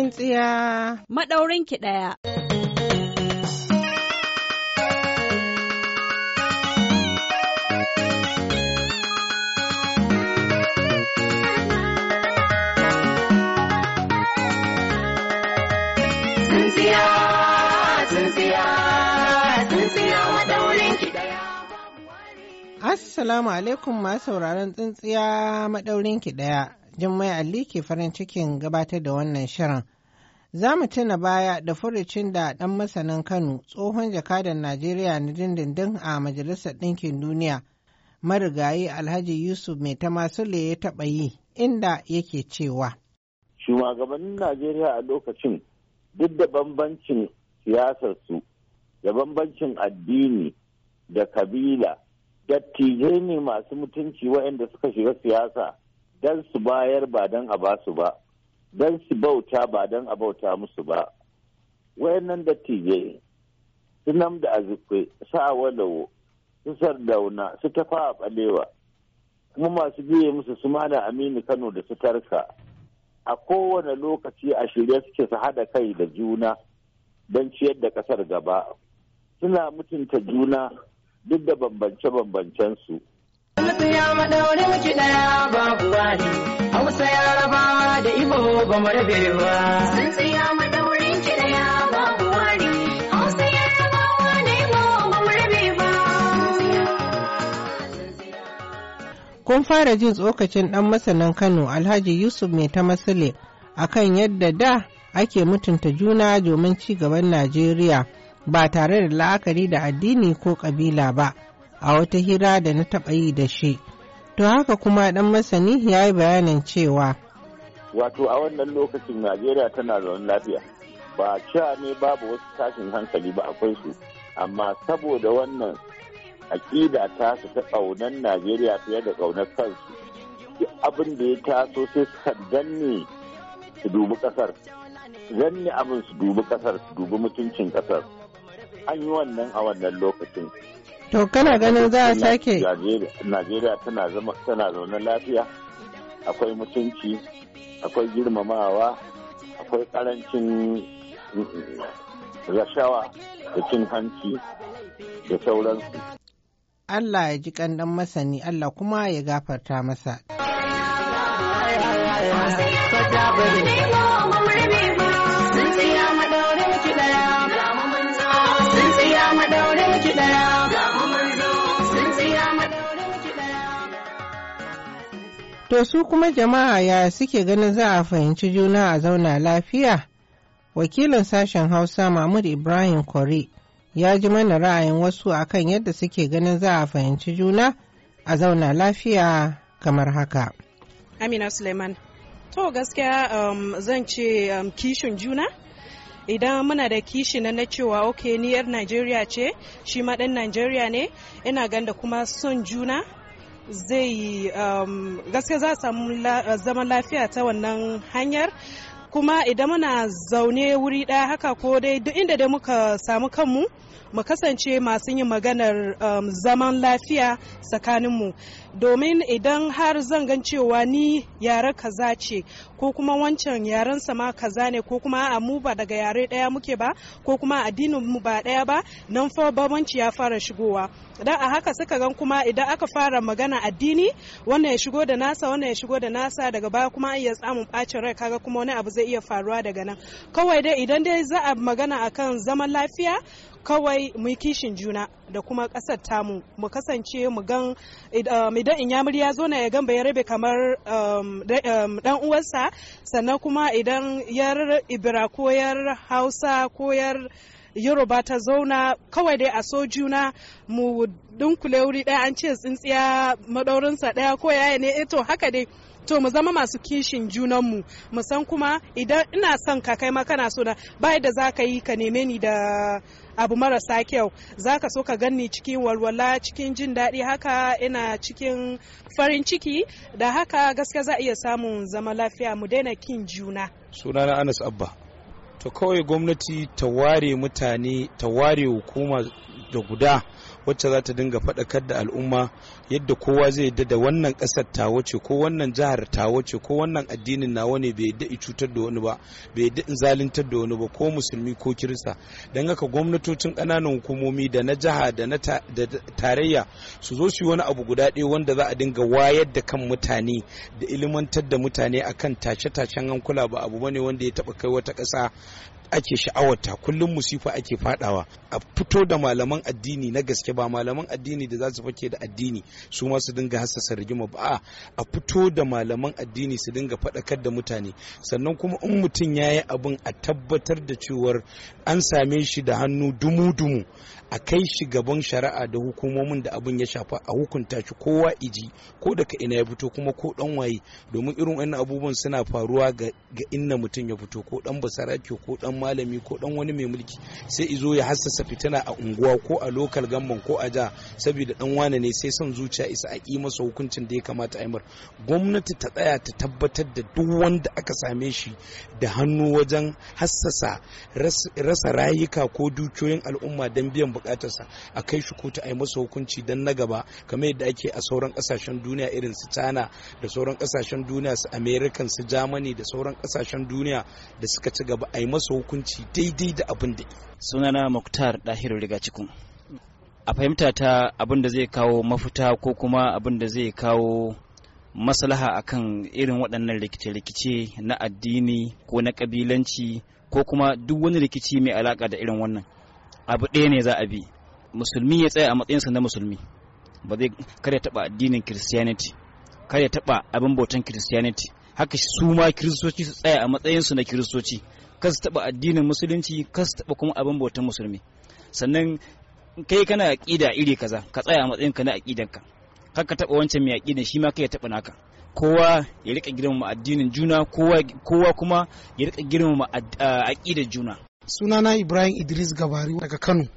Ƴan tsiya. Maɗaurin ki ɗaya. Assalamu alaikum masu sauraron tsintsiya maɗaurin ki ɗaya. Jummai Ali ke farin cikin gabatar da wannan shirin Za mu tuna baya da furucin da ɗan masanin Kano tsohon jakadan Najeriya na dindindin a Majalisar Ɗinkin Duniya, marigayi Alhaji Yusuf Mai Tamasule ya taɓa yi inda yake cewa. Shugabannin Najeriya a lokacin duk da bambancin siyasarsu da bambancin addini da kabila dattijai ne masu mutunci waɗanda suka shiga siyasa don su bayar ba don a ba su ba don su bauta ba don a bauta musu ba wayan wayannan dattijai su nam da azikwe sa walawo su sardauna su tafa a balewa kuma masu biye musu su mana aminu kano da su tarka a kowane lokaci a shirye suke su haɗa kai da juna don ciyar da ƙasar gaba suna mutunta juna duk da bambance-bambancensu Mutsiya maɗaurin ki ɗaya babu wani, Hausa Yarabawa da Ibo ba mu rabe ba. Tsintsiya maɗaurin ki babu wani, Hausa Yarabawa da Ibo ba mu rabe ba. Kun fara jin tsokacin ɗan masanin Kano Alhaji Yusuf Mai ta Masule kan yadda da ake mutunta juna domin ci gaban Najeriya ba tare da la'akari da addini ko ƙabila ba. a wata hira da na taɓa yi da shi. To haka kuma ɗan masani ya yi bayanin cewa. Wato a wannan lokacin Najeriya tana zaune lafiya. Ba cewa ne babu wasu tashin hankali ba akwai su, amma saboda wannan aƙida ta su ta ƙaunar Najeriya fiye da ƙaunar kansu. abin da ya taso sai sukan danne su dubi ƙasar. Danne abin su dubi ƙasar, su dubi mutuncin ƙasar. An yi wannan a wannan lokacin. To kana ganin za a sake? Najeriya tana zama tana zaune lafiya, akwai mutunci, akwai girmamawa, akwai karancin mm, rashawa da cin hanci da sauransu. Allah ya ji kandan masani, Allah kuma ya gafarta masa. Sun tsaya madaurin ki daya, sun siya madaurin ki daya. To su kuma jama'a ya suke ganin za a fahimci juna a zauna lafiya? Wakilin sashen Hausa Mahmud Ibrahim Kore ya ji mana ra'ayin wasu akan yadda suke ganin za a fahimci juna a zauna lafiya kamar haka. Amina Suleiman. To gaskiya um, zan ce um, kishin juna? idan muna da kishi na na cewa ok najeriya ce shi ma dan najeriya ne ina ganda kuma son juna zai um, gaske za samu zaman lafiya ta wannan hanyar kuma idan muna zaune wuri ɗaya haka ko dai duk inda dai muka samu kanmu mu kasance masu yin maganar um, zaman lafiya tsakaninmu domin idan har zan gan cewa ni yare kaza ce ko kuma wancan yaren ma kaza ne ko kuma a mu ba daga yare daya muke ba ko kuma addinin mu ba daya ba nan fa babanci ya fara shigowa dan a haka suka gan kuma idan aka fara magana addini wannan ya shigo da nasa wannan ya shigo da nasa daga baya kuma an iya samun bacin rai kaga kuma wani abu zai iya faruwa daga nan kawai dai idan dai za a magana akan zaman lafiya kawai mu kishin juna da kuma kasar tamu mu kasance mu gan eh, idan inyamuri ya zo na ya gan ya rabe kamar um, dan um, uwarsa sannan kuma idan yar ibira ko yar hausa ko yar yoruba ta zauna kawai dai a so juna mu dunkule wuri daya an ce tsintsiya madaurinsa daya ko yaya ne eh, to haka dai to mu zama masu kishin junanmu mu san kuma idan ina son ka kai ma kana so na bai da za ka yi ka neme ni da abu marasa kyau za ka so ka ganni cikin walwala cikin jin daɗi haka ina cikin farin ciki da haka gaskiya za a iya samun zama lafiya mu daina kin juna sunana anas abba to kawai gwamnati ta ware mutane ta ware hukuma da guda wacce za ta dinga faɗakar da al'umma yadda kowa zai yadda da wannan ƙasar ta wace ko wannan jihar ta wace ko wannan addinin nawa ne bai yadda cutar da wani ba bai yadda in zaluntar da wani ba ko musulmi ko kirista dan haka gwamnatocin ƙananan hukumomi da na jiha da na tarayya su zo su yi wani abu guda ɗaya wanda za a dinga wayar da kan mutane da ilimantar da mutane akan tashe-tashen hankula ba abu bane wanda ya taɓa kai wata ƙasa ake sha'awarta kullum musifa ake fadawa a fito da malaman addini na gaske ba malaman addini da za su fake da addini su ma su dinga hassasa rigima ba a fito da malaman addini su dinga faɗakar da mutane sannan kuma in mutum ya yi abin a tabbatar da cewar an same shi da hannu dumu-dumu a kai shi gaban shari'a da hukumomin da abin ya shafa a hukunta shi kowa iji ko daga ina ya fito kuma ko dan waye domin irin wannan abubuwan suna faruwa ga inna mutum ya fito ko dan basarake ko dan malami ko dan wani mai mulki sai izo ya hassasa fitina a unguwa ko a lokal gamban ko a ja saboda dan wane ne sai son zuciya isa a ƙi masa hukuncin da ya kamata a mar gwamnati ta tsaya ta tabbatar da duk wanda aka same shi da hannu wajen hassasa rasa rayuka ko dukiyoyin al'umma don biyan bukatarsa a kai shi kotu a yi masa hukunci don na gaba kamar yadda ake a sauran kasashen duniya irin su china da sauran kasashen duniya su american su germany da sauran kasashen duniya da suka ci gaba a yi masa hukunci hukunci daidai da abin da sunana muktar dahiru riga cikin a fahimta ta abin da zai kawo mafita ko kuma abin da zai kawo maslaha akan irin waɗannan rikice-rikice na addini ko na ƙabilanci ko kuma duk wani rikici mai alaƙa da irin wannan abu ɗaya ne za a bi musulmi ya tsaya a matsayinsa na musulmi ba zai kar ya taɓa addinin christianity kar ya taɓa abin bautan christianity haka su ma kiristoci su tsaya a matsayinsu na kiristoci Ka su taba addinin musulunci ka su taba kuma abin bautar musulmi sannan kai kana aqida iri kaza ka tsaya a matsayin ka na aqidanka kar ka taba wancan mai aqidan shi ma kai ya taba naka kowa ya rika girmama addinin juna kowa kuma ya rika girmama aqidar juna sunana Ibrahim Idris Gabari daga Kano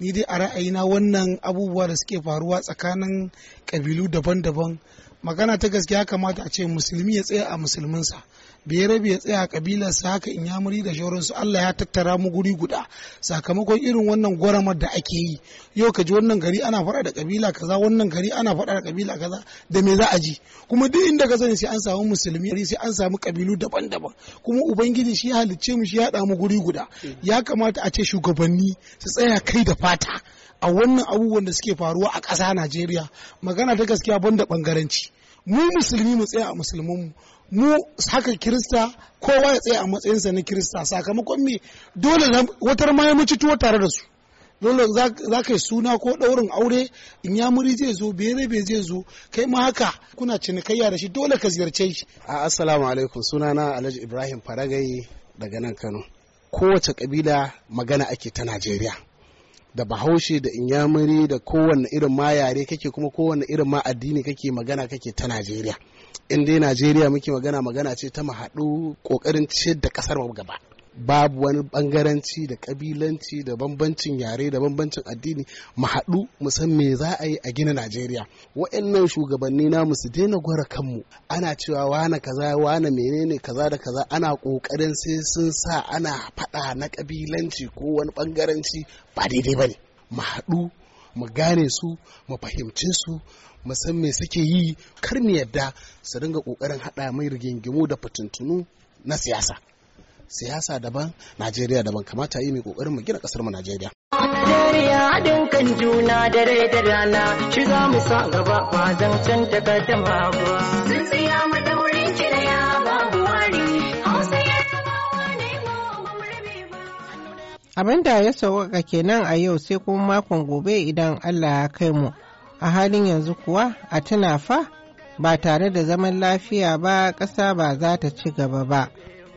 ni dai a ra'ayina wannan abubuwa da suke faruwa tsakanin kabilu daban-daban magana ta gaske ya kamata a ce musulmi ya tsaya a musulminsa bai biya ya tsaya a kabilarsa haka in yamuri da shauransu Allah ya tattara mu guri guda sakamakon irin wannan gwaramar da ake yi yau ka ji wannan gari ana faɗa da kabila kaza wannan gari ana faɗa da kabila kaza da me za a ji kuma duk inda ka sani sai an samu musulmi sai an samu kabilu daban-daban kuma ubangiji shi halicce mu shi ya haɗa mu guri guda ya kamata a ce shugabanni su tsaya kai da fata a wannan abubuwan da suke faruwa a ƙasa Najeriya magana ta gaskiya ban da ɓangaranci. mu musulmi mu tsaya a musulmanmu mu haka kirista kowa ya tsaya a matsayinsa na kirista sakamakon me dole watar ma ya mace tuwo tare da su dole za ka yi suna ko ɗaurin aure in ya muri zai zo bai zai zo kai ma haka kuna cinikayya da shi dole ka ziyarce shi a assalamu alaikum sunana alhaji ibrahim faragai daga nan kano kowace kabila magana ake ta najeriya da bahaushe da inyamuri da kowane irin ma yare kake kuma kowane irin ma addini kake magana kake ta najeriya in dai najeriya muke magana magana ce ta mahaɗu ƙoƙarin ciyar da ƙasar gaba babu wani bangaranci da kabilanci da bambancin yare da bambancin addini mu haɗu mu san me za a yi a gina Najeriya wa'annan shugabanni namu su daina gwara kanmu ana cewa wane kaza wane menene kaza da kaza ana kokarin sai sun sa ana faɗa na kabilanci ko wani bangaranci ba daidai bane mu haɗu mu gane su mu fahimce su mu san me suke yi kar mu yadda su dinga ƙoƙarin haɗa mai rigingimu da fitintunu na siyasa siyasa daban najeriya daban kamata yi mai kokarin mu gina kasar mu najeriya Najeriya haɗin juna da rai da rana sa gaba ba ta ya Abin da ya sauƙaƙa kenan a yau sai kuma makon gobe idan Allah ya kai mu. A halin yanzu kuwa a tuna fa ba tare da zaman lafiya ba ƙasa ba za ta ci gaba ba.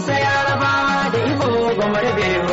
Hausa, Yarabawa da Igbo ba mu rabe